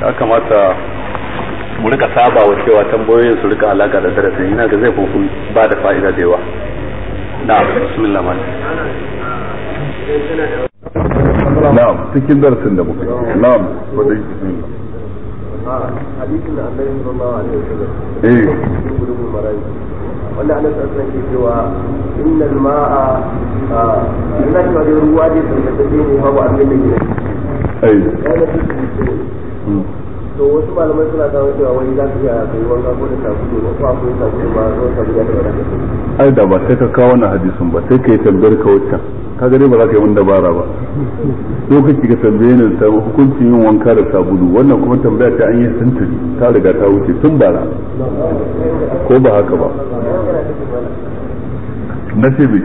ya kamata mu rika saba wa cewa tambayoyin su rika alaka da darasin ina ga zai kun ba da fa'ida da yawa na bismillah man na'am cikin darasin da muke na'am wadai bismillah Allah eh. ya wanda ana sassan ke cewa innal ma'a a ina cewa ruwa ne da ne babu abin da ke ai to wasu malamai suna kawo cewa wani za su iya kai wanka ko da sabulu ba ko akwai sabulu ba ko sabulu da ba ai da ba sai ka kawo wannan hadisin ba sai ka yi tambayar ka waccan ka gare ba za ka yi wani dabara ba lokaci ka tambaye ne da hukuncin yin wanka da sabulu wannan kuma tambaya ta an yi sintiri ta riga ta wuce tun bara ko ba haka ba na ce bai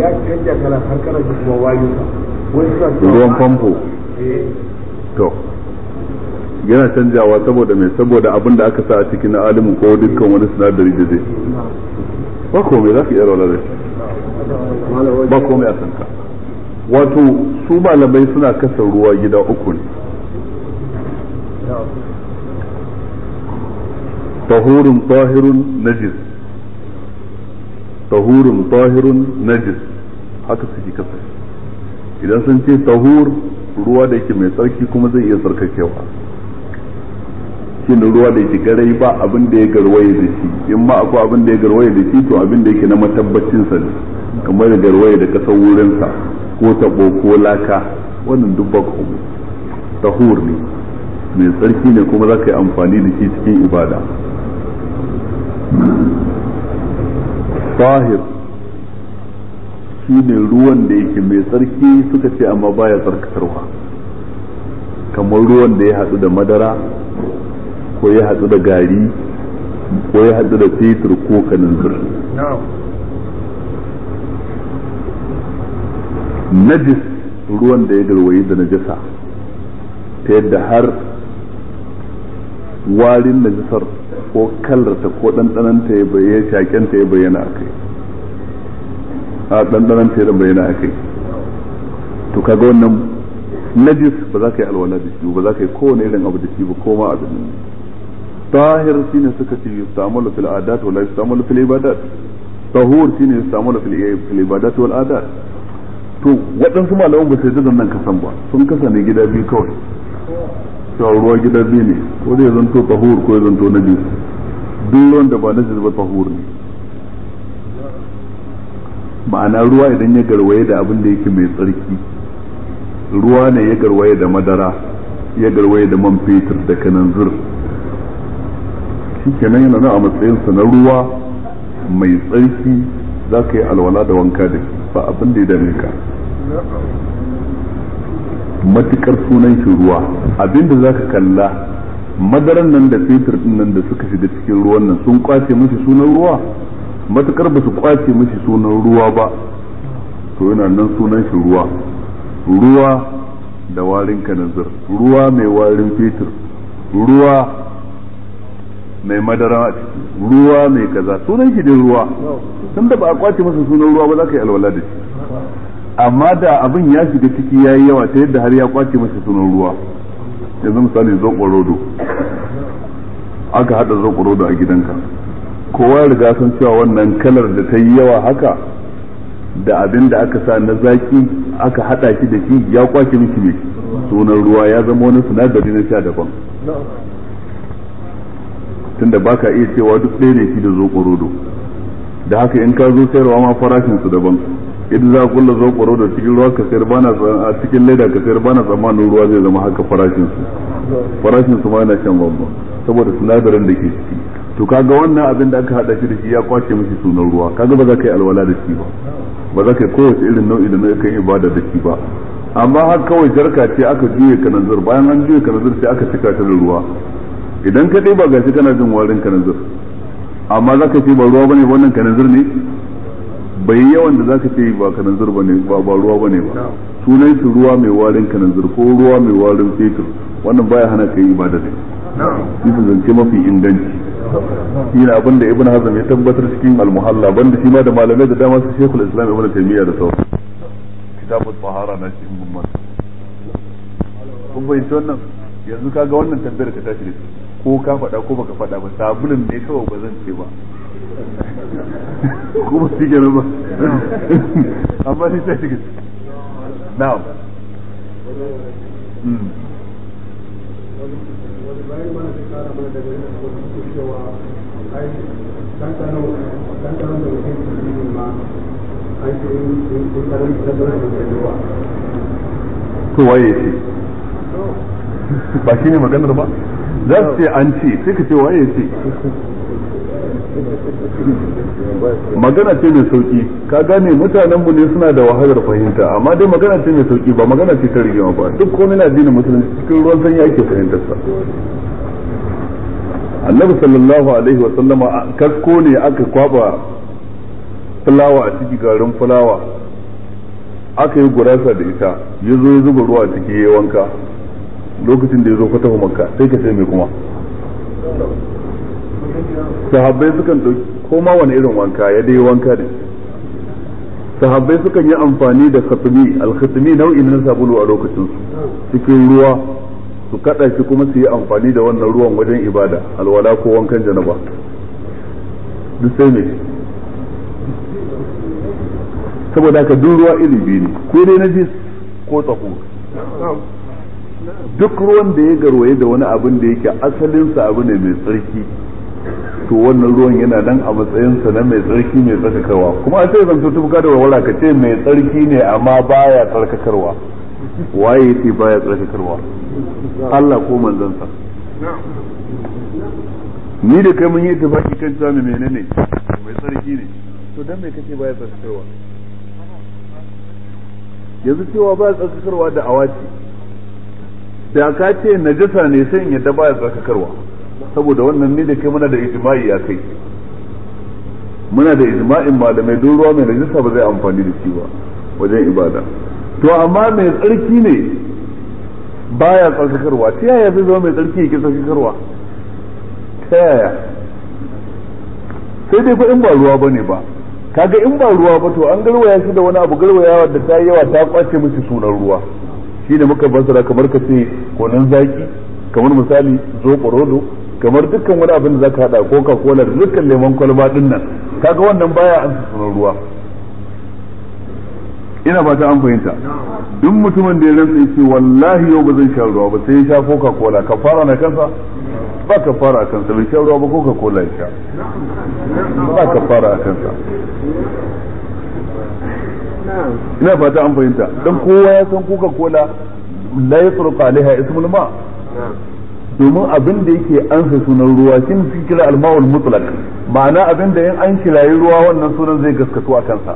ya canja kala har kana ji kuma wani ruwan famfo eh. to yana canjawa saboda mai saboda abin da aka sa a cikin alimin ko dukkan wani sinadari da zai ba komai za ka iya rawar da shi ba komai a sanka wato su malamai suna kasa ruwa gida uku ne tahurun tahirun najis tahurun tahirun najis haka suke kasa idan sun ce tahur ruwa da yake mai tsarki kuma zai iya tsarkakewa ne ruwa da yake garai ba abin da ya garwaye da shi in ma akwai abin da ya garwaye da shi to abin da yake na matabbacin sa ne kamar da garwaye da kasar wurinsa ko tabo ko laka wannan duk ba tahur ne mai tsarki ne kuma za ka yi amfani da shi cikin ibada at shi shine ruwan da yake mai tsarki suka ce amma baya tsarkatarwa kamar ruwan da ya haɗu da madara ko ya haɗu da gari ko ya haɗu da fetur ko kanin kananzir najis ruwan da ya garwayi da Najisa ta yadda har warin najisar ko kalarta ko ɗanɗananta ya bayyana ta ya bayyana a kai a ɗanɗananta ya bayyana a kai to kaga wannan najis ba za ka yi alwala da shi ba za ka yi kowane irin abu da shi ba koma abin nan tahir ne suka ce yustamalu fil adat wa la yustamalu fil ibadat tahur ne yustamalu fil ibadat wal adat to waɗansu malaman ba su da nan kasan ba sun kasa ne gida biyu kawai cewa ruwa gida biyu ne ko zai zanto tahur ko zai zanto najis duk ruwan da ba na ba tahur ne ma'ana ruwa idan ya garwaye da abin da yake mai tsarki ruwa ne ya garwaye da madara ya garwaye da man fetur da kananzir shi kenan yana nan a matsayinsa na ruwa mai tsarki za ka yi alwala da wanka da ba abin da ya dame ka matukar sunan shi ruwa abinda za ka kalla madaran nan da fetur din nan da suka shiga cikin ruwan nan sun kwace mishi sunan ruwa matukar ba su kwace mishi sunan ruwa ba to yana nan sunan shi ruwa ruwa da warin kanazir ruwa mai warin fetur ruwa mai madara a ciki ruwa mai kaza sunan shi din ruwa tun da ba a kwace masa sunan ruwa ba za ka yi alwala da shi amma da abin ya shiga ciki ya yi yawa ta yadda har ya kwace masa sunan ruwa yanzu misali zoɓo rodo aka haɗa rodo a gidanka kowa riga san cewa wannan kalar da ta yi yawa haka da abin da aka sa na zaki aka haɗa shi da shi ya kwace miki ne sunan ruwa ya zama wani sinadari na sha daban tunda baka iya cewa duk ɗaya ne shi da zo rodo da haka in ka zo sayarwa ma farashinsu daban in za kulla zo kwaro da cikin ruwa ka sayar bana a cikin leda ka sayar bana tsammanin ruwa zai zama haka farashin su farashin su ma yana shan bamban saboda sinadarin da ke ciki to kaga wannan abin da aka hada shi da shi ya kwace mishi sunan ruwa kaga ba za ka yi alwala da shi ba ba za ka yi kowace irin nau'i da kan ibada da shi ba amma har kawai jarka ce aka juye kananzir bayan an juye kananzir sai aka cika ta da ruwa idan ka ga shi kana jin warin kananzir amma za ka ce ba ruwa bane wannan kananzir ne bai yawan da zaka ce ba kanan zurba ne ba ba ruwa bane ba sunan su ruwa mai warin kanan zur ko ruwa mai warin fetur wannan baya hana kai ibada ne shi su zance mafi inganci shi ne abin da ibn hazm ya tabbatar cikin al-muhalla banda shi ma da malamai da dama su shekul islam ibn taymiya da sauran kitabut tahara na shi ibn mas kun bayyana wannan yanzu kaga wannan tambayar ka tashi ko ka faɗa ko baka faɗa ba sabulin ne kawai ba zan ce ba Kuma ba su gina ba amma ni sai shiga na'am to waye ce ba shi ne maganar ba za su ce an ce sai ka ce waye ce magana ce mai sauki ka gane mutanen mu ne suna da wahalar fahimta amma dai magana ce mai sauki ba magana ce ta rigima ba duk komai na addinin musulunci cikin ruwan sanyi ake fahimtar sa annabi sallallahu alaihi wa sallama kasko ne aka kwaba fulawa a ciki garin fulawa aka yi gurasa da ita ya zo ya zuba ruwa a ciki ya wanka lokacin da ya zo makka sai ka sai mai kuma sahabbai sukan ko koma wani irin wanka ya dai wanka da sahabbai sukan yi amfani da khatmi al-khatmi na sabulu a lokacin su cikin ruwa su kada shi kuma su yi amfani da wannan ruwan wajen ibada alwala ko wankan janaba duk sai ne saboda ka duk ruwa iri biyu ne ko dai najis ko tsako duk ruwan da ya garwaye da wani abin da yake asalinsa abu ne mai tsarki to wannan ruwan yana nan a matsayinsa na mai tsarki mai tsarkakarwa kuma a zan to tubuka da wala ka ce mai tsarki ne amma baya tsarkakarwa waye ce baya tsarkakarwa Allah ko sa ni da kai mun yi tafaki kan cewa menene mai tsarki ne to dan me kace baya tsarkakarwa yanzu cewa baya tsarkakarwa da awaci da ka ce najasa ne sai in yadda baya tsarkakarwa saboda wannan ne da kai muna da ijma'i a kai muna da ijma'in malamai don ruwa mai rajista ba zai amfani da shi ba wajen ibada to amma mai tsarki ne baya tsarkakarwa ta yaya zai zama mai tsarki yake tsarkakarwa ta yaya sai dai fa in ba ruwa ba ne ba kaga in ba ruwa ba to an garwaya shi da wani abu garwayawa da ta yi yawa ta kwace mishi sunan ruwa shi ne muka basara kamar ka ce konan zaki kamar misali zo rodo kamar dukkan wani abin da zaka hada coca cola da dukkan lemon kwalba din nan kaga wannan baya an sunan ruwa ina ba ta an fahimta duk mutumin da ya rantsa yace wallahi yau ba zan sha ruwa ba sai ya sha coca cola kafara na kansa ba kafara a kansa bai sha ruwa ba coca cola ya sha ba kafara a kansa ina fata an fahimta dan kowa ya san coca cola la yasruqa alaiha ismul ma domin abin da yake ansa sunan ruwa shi ne kira almawul mutlaq ma'ana abin da in an kirayi ruwa wannan sunan zai gaskatu a kansa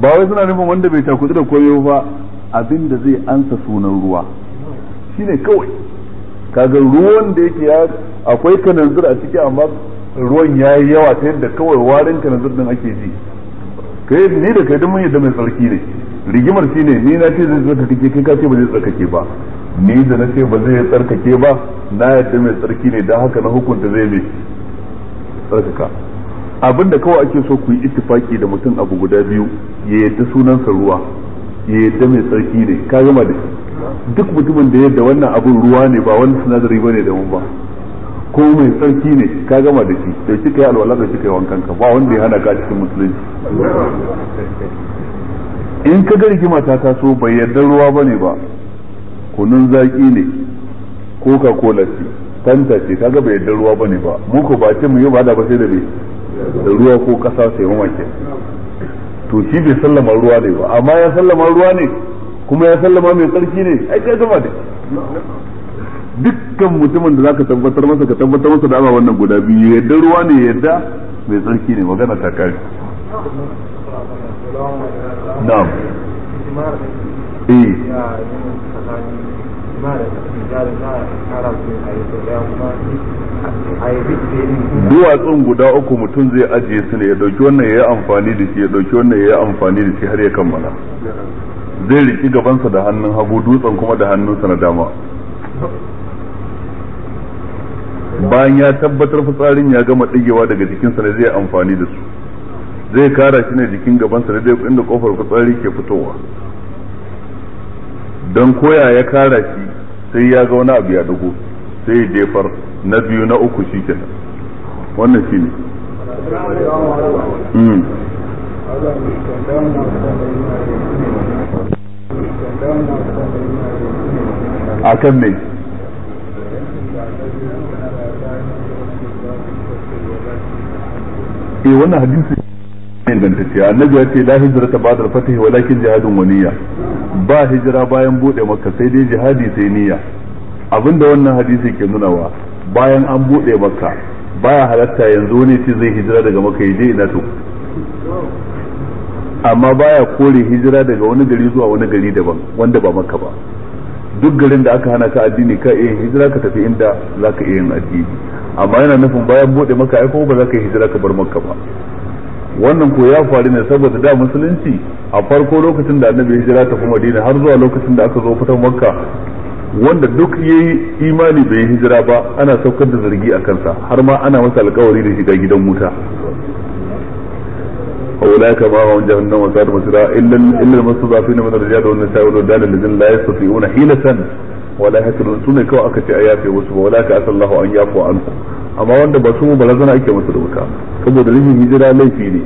ba wai suna nufin wanda bai takudu da koyo ba abin da zai ansa sunan ruwa shine kawai kaga ruwan da yake ya akwai kananzir a ciki amma ruwan ya yi yawa ta yadda kawai warin kananzir din ake ji kai ni da kai duk mun yadda mai tsarki ne rigimar shine ni na ce zai tsarkake kai ka ce ba zai tsarkake ba ni da na ce ba zai tsarkake ba na yadda mai tsarki ne don haka na hukunta zai mai tsarkaka abinda kawai ake so ku yi ittifaki da mutum abu guda biyu ya yadda sunansa ruwa ya yadda mai tsarki ne ka gama da duk mutumin da yadda wannan abin ruwa ne ba wani sinadari ba ne da mun ba ko mai tsarki ne ka gama da shi da shi yi alwala da shi yi wankan ka ba wanda ya hana ka cikin musulunci in ka ga rigima ta taso bai yarda ruwa bane ba kunun zaki ne ka kola ce fanta ce kaga bai yadda ruwa ne ba mu ko ba ce mu yi ba da ba sai da bai da ruwa ko kasa sai mu ke to shi bai sallama ruwa ne ba amma ya sallama ruwa ne kuma ya sallama mai tsarki ne ai kai zama da dukkan mutumin da zaka tabbatar masa ka tabbatar masa da ama wannan guda biyu yadda ruwa ne yadda mai tsarki ne magana ta kare na'am Eh. duwatsun guda uku mutum zai ajiye su ne ya dauki wannan ya yi amfani da shi ya dauki wannan ya yi amfani da shi har ya kammala zai riki gabansa da hannun hagu dutsen kuma da hannunsa na dama bayan ya tabbatar fitsarin ya gama ɗigewa daga jikinsa ne zai yi amfani da su zai kara shi ne jikin gabansa da zai inda kofar fitsari ke fitowa don koya ya kara shi sai ya ga wani abu ya dugo sai ya jefar na biyu na uku shi kenan wannan shi ne hmm. a kan ne E, eh, wannan hadisi ne ingantacce annabi ya ce la hijrata ba'da al-fath walakin jihadun waniya ba hijira bayan bude maka sai dai jihadi sai niyya abinda wannan hadisi ke nunawa bayan an bude maka baya halatta yanzu wani ce zai hijira daga maka ya ina to amma baya kore hijira daga wani gari zuwa wani gari daban wanda ba maka ba duk garin da aka hana ka addini ka iya hijira ka tafi inda zaka iya yin addini amma yana nufin bayan bude maka ai ko ba za ka yi hijira ka bar maka ba wannan ko ya faru ne saboda da musulunci a farko lokacin da annabi ya hijira ta madina har zuwa lokacin da aka zo fitan makka wanda duk yayi imani bai hijira ba ana saukar da zargi a kansa har ma ana masa alkawari da shiga gidan wuta أولئك معهم جهنم وساءت مصيرا إلا إلا المستضعفين من الرجال والنساء والولدان الذين لا يستطيعون حيلة ولا يهتدون سنة كو أكتي آياتي وسبوا أولئك عسى الله أن يعفو عنكم amma wanda ba su balazana ake masa da wuta saboda rashin hijira laifi ne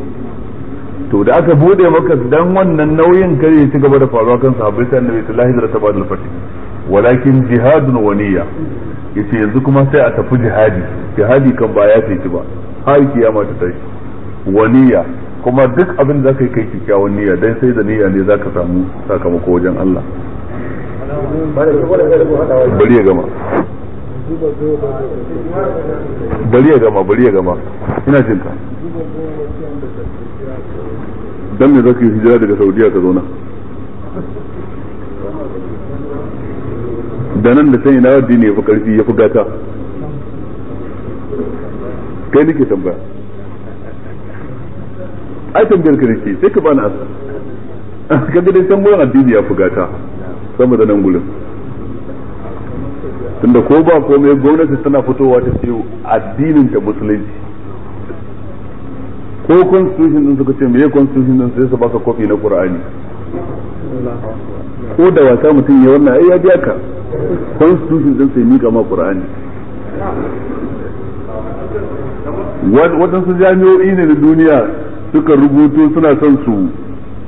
to da aka bude maka dan wannan nauyin kare ya ci gaba da faruwa kan sahabbai sai annabi sallallahu alaihi wasallam ba'dul walakin jihadun waniya yace yanzu kuma sai a tafi jihadi jihadi kan ba ya ce ba har kiyama ta tashi waniya kuma duk abin da zaka kai kikkiawan niyya dan sai da niyya ne zaka samu sakamako wajen Allah bari ya gama bari ya gama bari ya gama ina jin ka dan me zaka yi hijira daga Saudiya ka zauna da nan da sai na wadi ne fa karfi ya fi gata kai nake tambaya ai tambayar ka nake sai ka bani asa kaga dai tambayar addini ya fi gata saboda da nan gurin tunda ko ba komai gwamnati tana fitowa ta ce addinin ta musulunci ko constitution din suka ce meye constitution din sai su baka kofi na qur'ani ko da wasa mutum ya wannan ai ya biya ka constitution din sai mika ma qur'ani waɗansu jami'o'i ne na duniya suka rubuto suna son su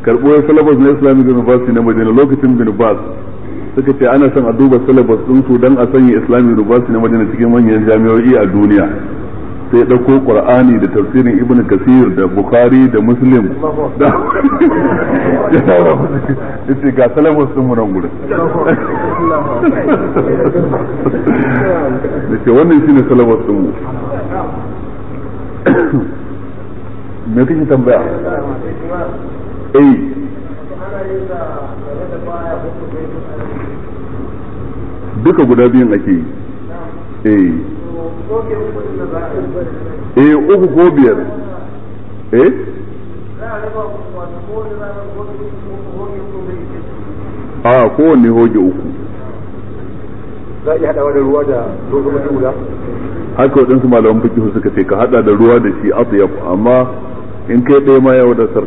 karɓo salabar na islamic university na madina lokacin binubas suka ce ana son a duba syllabus din su dan a sanya islamic university na madina cikin manyan jami'o'i a duniya sai ya ɗauko qur'ani da tafsirin ibn kasir da bukhari da muslim da shi ga syllabus din mu nan gurin da ce wannan shine syllabus din mu me kake tambaya eh duka guda biyun ake yi eh, eh uku ko biyar eh a kowane hoge uku za a iya hada da ruwa da guda haka waɗansu malaman baki suka ce ka haɗa da ruwa da shi atyab amma in kai ɗaya ma ya wadatar